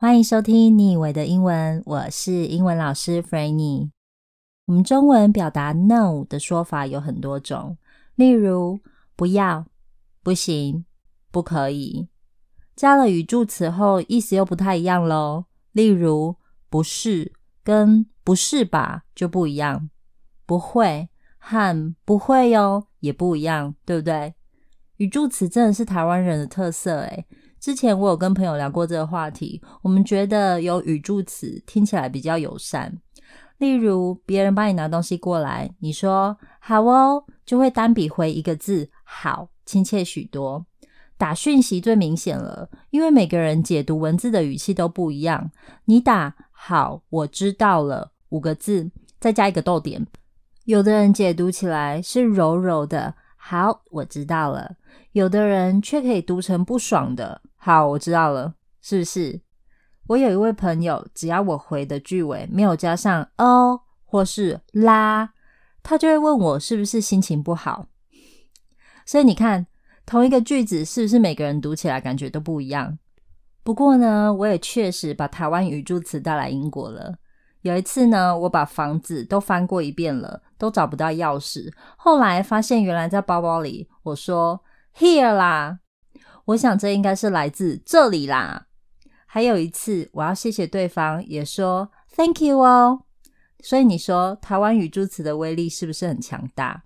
歡迎收聽《你以為的英文》，我是英文老師 Frannie。我們中文表達 “no” 的說法有很多種，例如“不要”、“不行”、“不可以”。加了語助詞後，意思又不太一樣咯，例如“不是”跟“不是吧”就不一樣，“不會”和“不會喲”也不一樣，對不對？語助詞真的是台灣人的特色誒。之前我有跟朋友聊過這個話題，我們覺得有語助詞聽起來比較友善。例如，別人幫你拿東西過來，你說“好哦”，就會單筆回一個字“好”，親切許多。打訊息最明顯了，因為每個人解讀文字的語氣都不一樣。你打“好，我知道了”五個字，再加一個逗點，有的人解讀起來是柔柔的“好，我知道了”，有的人卻可以讀成不爽的。好，我知道了，是不是？我有一位朋友，只要我回的句尾沒有加上哦或是啦，他就會問我是不是心情不好。所以你看，同一個句子是不是每個人讀起來感覺都不一樣？不過呢，我也確實把台灣語助詞帶來英國了。有一次呢，我把房子都翻過一遍了，都找不到鑰匙，後來發現原來在包包裡。我說：Here 啦。我想這應該是來自這裡啦。還有一次，我要謝謝對方，也說 Thank you 哦。所以你說台灣語助詞的威力是不是很強大？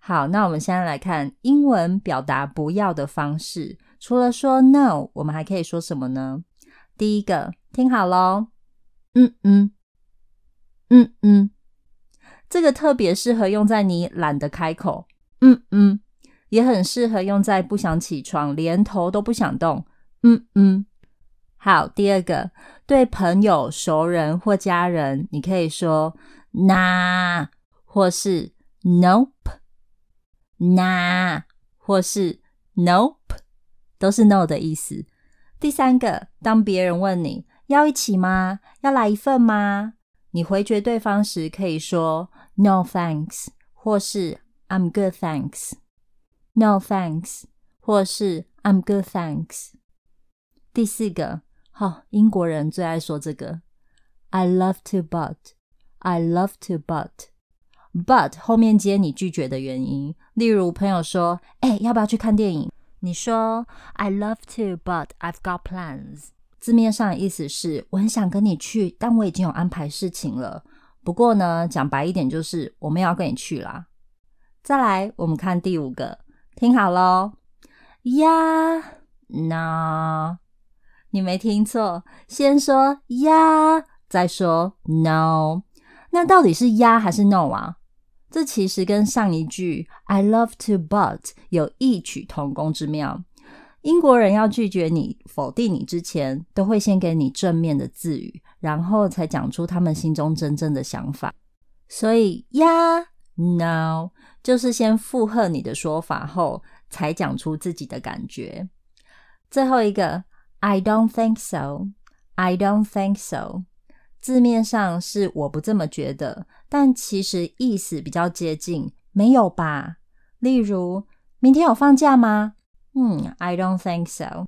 好，那我們現在來看英文表達不要的方式，除了說 No，我們還可以說什麼呢？第一個，聽好嘍，嗯嗯嗯嗯，這個特別適合用在你懶得開口，嗯嗯。也很適合用在不想起床、連頭都不想動。嗯嗯，好。第二個，對朋友、熟人或家人，你可以說 “nah” 或是 “nope”，“nah” 或是 “nope”，都是 “no” 的意思。第三個，當別人問你要一起嗎、要來一份嗎，你回絕對方時，可以說 “No thanks” 或是 “I'm good, thanks”。No, thanks. 或是 I'm good, thanks. 第四個，好、哦，英國人最愛說這個。I'd love to, but I'd love to, but but 後面接你拒絕的原因。例如，朋友說：“哎，要不要去看電影？”你說：“I'd love to, but I've got plans.” 字面上的意思是我很想跟你去，但我已經有安排事情了。不過呢，講白一點就是，我沒有要跟你去啦。再來，我們看第五個。聽好咯呀，、yeah,，no，你沒聽錯，先說呀，yeah, 再說 no，那到底是呀、yeah、還是 no 啊？這其實跟上一句 I'd love to but 有異曲同工之妙。英國人要拒絕你、否定你之前，都會先給你正面的字語，然後才講出他們心中真正的想法。所以呀。Yeah, No，就是先附和你的說法後，才講出自己的感覺。最後一個，I don't think so。I don't think so。字面上是我不這麼覺得，但其實意思比較接近，沒有吧？例如，明天有放假嗎？嗯，I don't think so。